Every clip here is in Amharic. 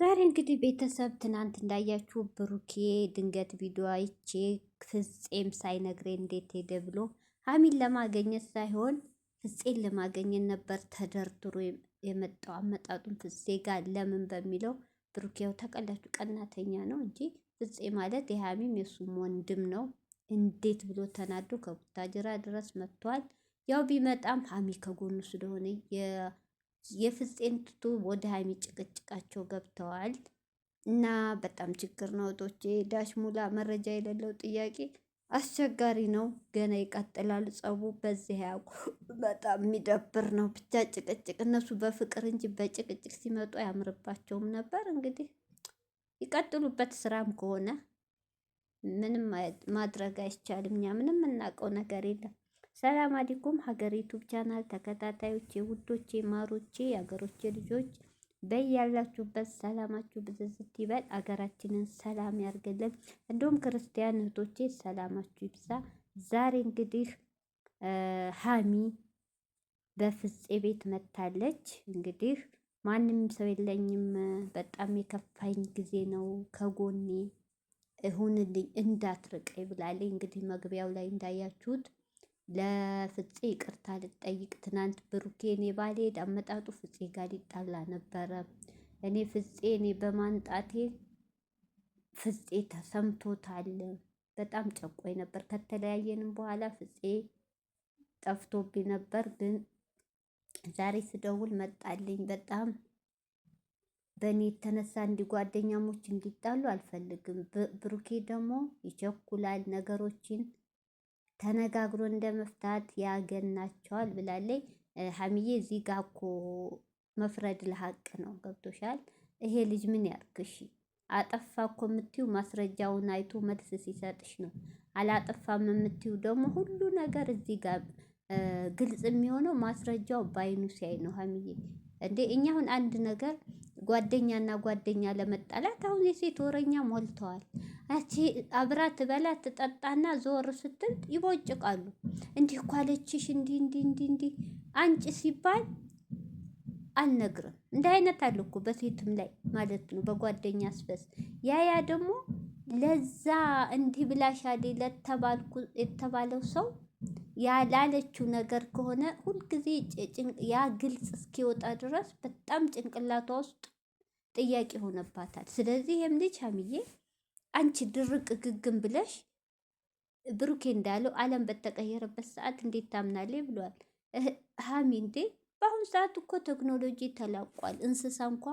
ዛሬ እንግዲህ ቤተሰብ ትናንት እንዳያችሁ ብሩኬ ድንገት ቪዲዮ አይቼ ፍጼም ሳይነግሬ እንዴት ሄደ ብሎ ሀሚን ለማገኘት ሳይሆን ፍጼን ለማገኘት ነበር ተደርድሮ የመጣው። አመጣጡን ፍጼ ጋር ለምን በሚለው ብሩኬው ተቀላችሁ ቀናተኛ ነው እንጂ ፍጼ ማለት የሀሚም የሱም ወንድም ነው። እንዴት ብሎ ተናዶ ከቡታጅራ ድረስ መጥቷል። ያው ቢመጣም ሀሚ ከጎኑ ስለሆነ የፍፄን ትቶ ወደ ሀይሚ ጭቅጭቃቸው ገብተዋል እና በጣም ችግር ነው። ጦቼ ዳሽ ሙላ መረጃ የሌለው ጥያቄ አስቸጋሪ ነው። ገና ይቀጥላል ጸቡ በዚህ ያው በጣም የሚደብር ነው። ብቻ ጭቅጭቅ እነሱ በፍቅር እንጂ በጭቅጭቅ ሲመጡ አያምርባቸውም ነበር። እንግዲህ ይቀጥሉበት። ስራም ከሆነ ምንም ማድረግ አይቻልም። እኛ ምንም እናውቀው ነገር የለም። ሰላም አለይኩም ሀገር ዩቱብ ቻናል ተከታታዮቼ፣ ውዶቼ፣ ማሮቼ፣ የሀገሮቼ ልጆች በያላችሁበት ሰላማችሁ ብዝዝት ይበል። አገራችንን ሰላም ያርግልን። እንዲሁም ክርስቲያን እህቶቼ ሰላማችሁ ይብዛ። ዛሬ እንግዲህ ሀሚ በፍፄ ቤት መታለች። እንግዲህ ማንም ሰው የለኝም፣ በጣም የከፋኝ ጊዜ ነው፣ ከጎኔ እሁንልኝ፣ እንዳትርቀኝ ብላለች። እንግዲህ መግቢያው ላይ እንዳያችሁት ለፍፄ ይቅርታ ልጠይቅ። ትናንት ብሩኬ እኔ ባልሄድ አመጣጡ ፍፄ ጋር ሊጣላ ነበረ። እኔ ፍፄ እኔ በማንጣቴ ፍፄ ተሰምቶታል። በጣም ጨቆይ ነበር። ከተለያየንም በኋላ ፍፄ ጠፍቶብኝ ነበር፣ ግን ዛሬ ስደውል መጣልኝ። በጣም በእኔ የተነሳ እንዲ ጓደኛሞች እንዲጣሉ አልፈልግም። ብሩኬ ደግሞ ይቸኩላል ነገሮችን ተነጋግሮ እንደ መፍታት ያገናቸዋል ብላለይ። ሀሚዬ እዚህ ጋ እኮ መፍረድ ለሀቅ ነው። ገብቶሻል? ይሄ ልጅ ምን ያርግሽ? አጠፋ እኮ የምትዩ ማስረጃውን አይቶ መልስ ሲሰጥሽ ነው። አላጠፋም የምትዩ ደግሞ ሁሉ ነገር እዚህ ጋር ግልጽ የሚሆነው ማስረጃው ባይኑ ሲያይ ነው። ሀሚዬ እንዴ እኛ አሁን አንድ ነገር ጓደኛና ጓደኛ ለመጣላት አሁን የሴት ወረኛ ሞልተዋል። አቺ አብራ ትበላ ትጠጣና ዞር ስትል ይቦጭቃሉ። እንዲህ እኮ አለችሽ እንዲህ እንዲህ እንዲህ እንዲህ አንጭ ሲባል አልነግርም። እንዲህ አይነት አለ እኮ በሴትም ላይ ማለት ነው፣ በጓደኛ አስበስ ያ ያ ደግሞ ለዛ እንዲህ ብላሻሌ ለተባልኩ የተባለው ሰው ያላለችው ነገር ከሆነ ሁልጊዜ ያ ግልጽ እስኪወጣ ድረስ በጣም ጭንቅላቷ ውስጥ ጥያቄ ሆነባታል። ስለዚህ ይህም ልጅ ሀሚዬ አንቺ ድርቅ ግግም ብለሽ ብሩኬ እንዳለው ዓለም በተቀየረበት ሰዓት እንዴት ታምናለች ብለዋል። ሀሚ እንዴ በአሁኑ ሰዓት እኮ ቴክኖሎጂ ተላቋል። እንስሳ እንኳ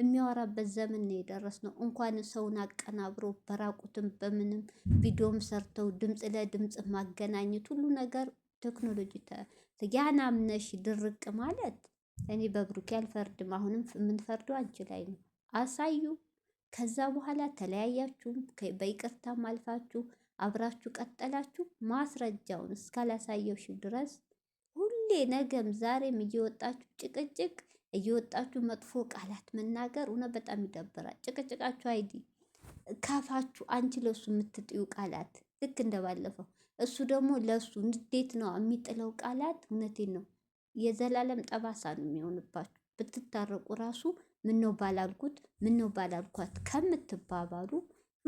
የሚያወራበት ዘመን ነው የደረስነው። እንኳን ሰውን አቀናብሮ በራቁትም በምንም ቪዲዮም ሰርተው ድምፅ ለድምፅ ማገናኘት ሁሉ ነገር ቴክኖሎጂ ያናምነሽ ድርቅ ማለት እኔ በብሩኬ አልፈርድም። አሁንም የምንፈርደው አንቺ ላይ ነው። አሳዩ። ከዛ በኋላ ተለያያችሁም በይቅርታ አልፋችሁ አብራችሁ ቀጠላችሁ። ማስረጃውን እስካላሳየውሽ ድረስ ሁሌ ነገም ዛሬም እየወጣችሁ ጭቅጭቅ እየወጣችሁ መጥፎ ቃላት መናገር እውነት በጣም ይደብራል። ጭቅጭቃችሁ አይዲ ካፋችሁ አንቺ ለሱ የምትጥዩ ቃላት ልክ እንደባለፈው እሱ ደግሞ ለሱ እንዴት ነው የሚጥለው ቃላት እውነቴን ነው የዘላለም ጠባሳ ነው የሚሆንባችሁ። ብትታረቁ ራሱ ምነው ባላልኩት ምነው ባላልኳት ከምትባባሉ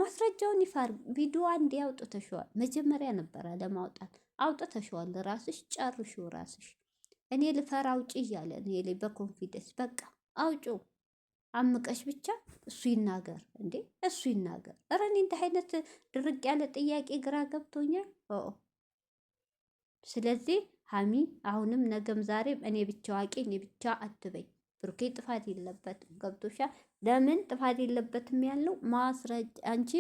ማስረጃውን ይፋር ቪዲዮ አንድ ያውጡ ተሸዋል። መጀመሪያ ነበር ለማውጣት አውጥተሸዋል። ራስሽ ጨርሽው ራስሽ እኔ ልፈራ አውጪ እያለ እኔ ላይ በኮንፊደንስ በቃ አውጩ አምቀሽ ብቻ እሱ ይናገር እንዴ እሱ ይናገር። ኧረ እኔ እንደ አይነት ድርቅ ያለ ጥያቄ ግራ ገብቶኛል። ስለዚህ ሀሚ አሁንም ነገም ዛሬም እኔ ብቻ አዋቂ እኔ ብቻ አትበኝ። ብሩኬ ጥፋት የለበትም። ገብቶሻ ለምን ጥፋት የለበትም ያለው ማስረጃ አንቺ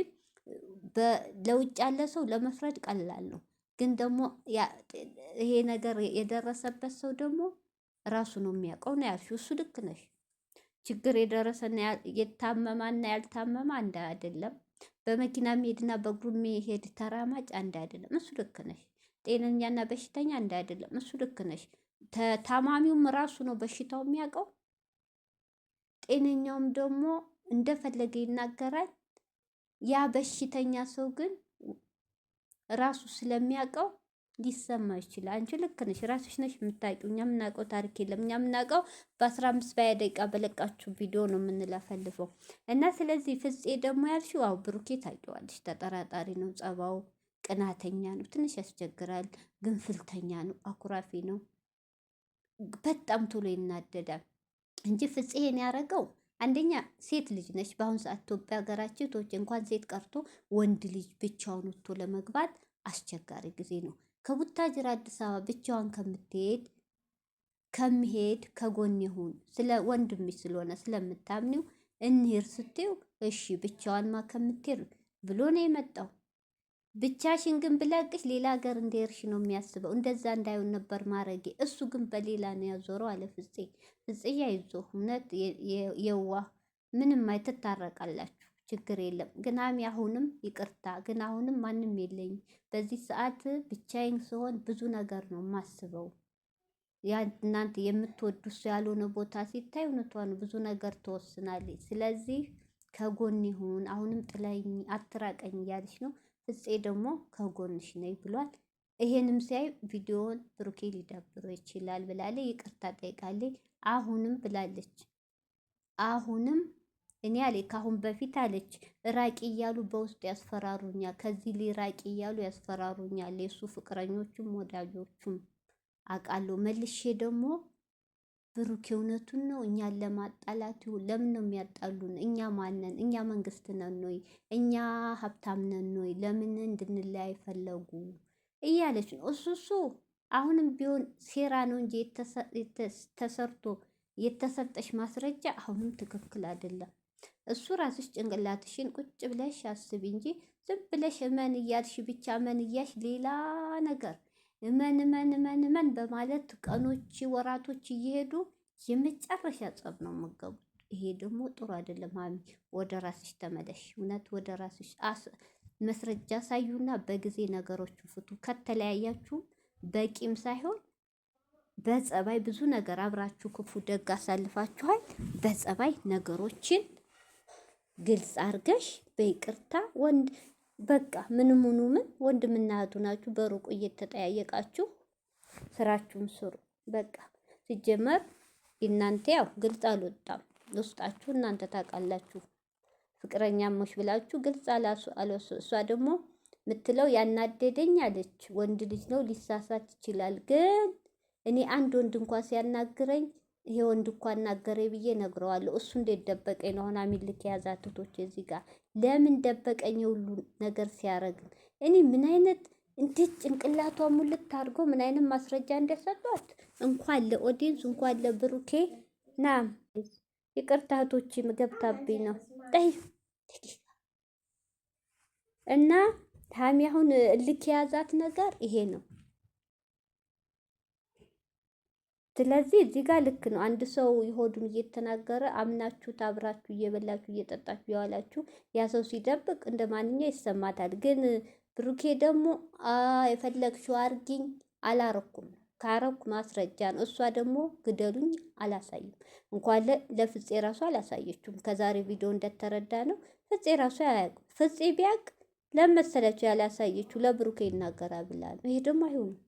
ለውጭ ያለ ሰው ለመፍረድ ቀላል ነው። ግን ደግሞ ይሄ ነገር የደረሰበት ሰው ደግሞ ራሱ ነው የሚያውቀው ነው ያልሽው። እሱ ልክ ነሽ። ችግር የደረሰና የታመማና ያልታመማ አንድ አይደለም። በመኪና የሚሄድና በእግሩ የሚሄድ ተራማጭ አንድ አይደለም። እሱ ልክ ነሽ። ጤነኛና በሽተኛ አንድ አይደለም። እሱ ልክ ነሽ። ታማሚውም ራሱ ነው በሽታው የሚያውቀው፣ ጤነኛውም ደግሞ እንደፈለገ ይናገራል። ያ በሽተኛ ሰው ግን ራሱ ስለሚያውቀው ሊሰማ ይችላል። አንቺ ልክ ነሽ፣ ራስሽ ነሽ የምታውቂው። እኛ የምናውቀው ታሪክ የለም። እኛ የምናውቀው በአስራ አምስት በያ ደቂቃ በለቃችሁ ቪዲዮ ነው የምንለፈልፈው። እና ስለዚህ ፍፄ ደግሞ ያልሽው አዎ፣ ብሩኬ ታውቂዋለሽ፣ ተጠራጣሪ ነው፣ ጸባው ቅናተኛ ነው፣ ትንሽ ያስቸግራል፣ ግንፍልተኛ ነው፣ አኩራፊ ነው፣ በጣም ቶሎ ይናደዳል እንጂ ፍፄ ይሄን ያደረገው አንደኛ ሴት ልጅ ነች። በአሁኑ ሰዓት ኢትዮጵያ ሀገራችን ቶች እንኳን ሴት ቀርቶ ወንድ ልጅ ብቻውን ወጥቶ ለመግባት አስቸጋሪ ጊዜ ነው። ከቡታጅራ አዲስ አበባ ብቻዋን ከምትሄድ ከምሄድ ከጎን ይሁን ስለ ወንድምሽ ስለሆነ ስለምታምኒው እንሂድ ስትዩ እሺ ብቻዋንማ ከምትሄድ ብሎ ነው የመጣው። ብቻሽን ግን ብለቅሽ ሌላ ሀገር እንደርሽ ነው የሚያስበው። እንደዛ እንዳይሆን ነበር ማረጌ። እሱ ግን በሌላ ነው ያዞረው አለ ፍፄ። ፍፄ ያይዞ እውነት የዋ ምንም አይትታረቃላችሁ፣ ችግር የለም ግን አሚ አሁንም ይቅርታ ግን አሁንም ማንም የለኝ። በዚህ ሰዓት ብቻዬን ስሆን ብዙ ነገር ነው የማስበው። እናንተ የምትወዱ እሱ ያልሆነ ቦታ ሲታይ ነው ብዙ ነገር ትወስናለች። ስለዚህ ከጎን ይሁን አሁንም ጥለኝ አትራቀኝ እያለች ነው ፍፄ ደግሞ ከጎንሽ ነኝ ብሏል። ይሄንም ሲያይ ቪዲዮውን ብሩኬ ሊዳብሮ ይችላል ብላለች። ይቅርታ ጠይቃለች። አሁንም ብላለች አሁንም እኔ አለ ካሁን በፊት አለች ራቂ እያሉ በውስጥ ያስፈራሩኛል፣ ከዚህ ሊራቂ እያሉ ያስፈራሩኛል። የሱ ፍቅረኞቹም ወዳጆቹም አውቃለሁ። መልሼ ደግሞ ብሩክ እውነቱን ነው እኛን ለማጣላት ይሁን? ለምን ነው የሚያጣሉን? እኛ ማነን? እኛ መንግስት ነን ወይ? እኛ ሀብታም ነን ወይ? ለምን እንድንለያይ ፈለጉ? እያለች ነው። እሱ እሱ አሁንም ቢሆን ሴራ ነው እንጂ ተሰርቶ የተሰጠሽ ማስረጃ አሁንም ትክክል አይደለም። እሱ ራስሽ ጭንቅላትሽን ቁጭ ብለሽ አስቢ እንጂ ዝም ብለሽ እመን እያልሽ ብቻ እመን እያልሽ ሌላ ነገር እመን እመን እመን እመን በማለት ቀኖች፣ ወራቶች እየሄዱ የመጨረሻ ጸብ ነው የምገቡት። ይሄ ደግሞ ጥሩ አይደለም። ሀሚ ወደ ራስሽ ተመለሽ። እውነት ወደ ራስሽ መስረጃ ሳዩና በጊዜ ነገሮችን ፍቱ። ከተለያያችሁ በቂም ሳይሆን በጸባይ ብዙ ነገር አብራችሁ ክፉ ደግ አሳልፋችኋል። በጸባይ ነገሮችን ግልጽ አርገሽ በይቅርታ ወንድ በቃ ምን ምኑ ምን ወንድምና እህቱ ናችሁ። በሩቁ እየተጠያየቃችሁ ስራችሁም ስሩ። በቃ ሲጀመር እናንተ ያው ግልጽ አልወጣም ውስጣችሁ እናንተ ታውቃላችሁ። ሞሽ ብላችሁ ግልጽ አለሱ። እሷ ደግሞ ምትለው ያናደደኝ አለች። ወንድ ልጅ ነው ሊሳሳት ይችላል፣ ግን እኔ አንድ ወንድ እንኳን ሲያናግረኝ ይሄ ወንድ እኮ አናገሬ ብዬ ነግረዋለሁ። እሱ እንዴት ደበቀኝ ነው አሁን አሚልክ የያዛ ትቶች እዚህ ጋር ለምን ደበቀኝ? የሁሉ ነገር ሲያረግ እኔ ምን አይነት እንዴት ጭንቅላቷ ሙልት አድርገው ምን አይነት ማስረጃ እንደሰጧት እንኳን ለኦዲንስ እንኳን ለብሩኬ ና ይቅርታ እህቶች ገብታብኝ ነው ጠይ እና ታሚ አሁን እልክ የያዛት ነገር ይሄ ነው። ስለዚህ እዚህ ጋር ልክ ነው። አንድ ሰው የሆዱን እየተናገረ አምናችሁ አብራችሁ እየበላችሁ እየጠጣችሁ የዋላችሁ ያ ሰው ሲደብቅ እንደ ማንኛ ይሰማታል። ግን ብሩኬ ደግሞ የፈለግሽው አርጊኝ አላረኩም፣ ካረኩ ማስረጃ ነው። እሷ ደግሞ ግደሉኝ አላሳይም። እንኳን ለፍፄ ራሱ አላሳየችውም። ከዛሬ ቪዲዮ እንደተረዳ ነው ፍፄ ራሱ አያውቅም። ፍፄ ቢያውቅ ለመሰለችው ያላሳየችው ለብሩኬ ይናገራ ብላ ነው። ይሄ ደግሞ አይሆንም።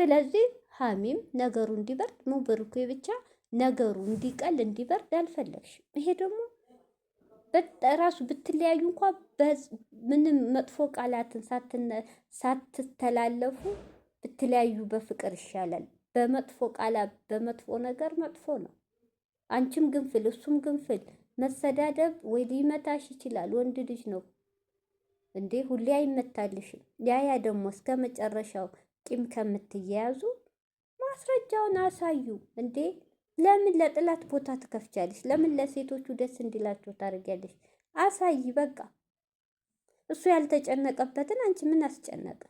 ስለዚህ ሀሚም ነገሩ እንዲበርድ ሙብርኩ ብቻ ነገሩ እንዲቀል እንዲበርድ አልፈለግሽም። ይሄ ደግሞ ራሱ ብትለያዩ እንኳ ምንም መጥፎ ቃላትን ሳትተላለፉ ብትለያዩ በፍቅር ይሻላል። በመጥፎ ቃላት በመጥፎ ነገር መጥፎ ነው። አንቺም ግንፍል እሱም ግንፍል፣ መሰዳደብ ወይ ሊመታሽ ይችላል። ወንድ ልጅ ነው እንዴ ሁሌ አይመታልሽም። ያያ ደግሞ እስከ መጨረሻው ቂም ከምትያያዙ ማስረጃውን አሳዩ እንዴ! ለምን ለጥላት ቦታ ትከፍቻለሽ? ለምን ለሴቶቹ ደስ እንዲላቸው ታደርጊያለሽ? አሳይ በቃ። እሱ ያልተጨነቀበትን አንቺ ምን አስጨነቀ?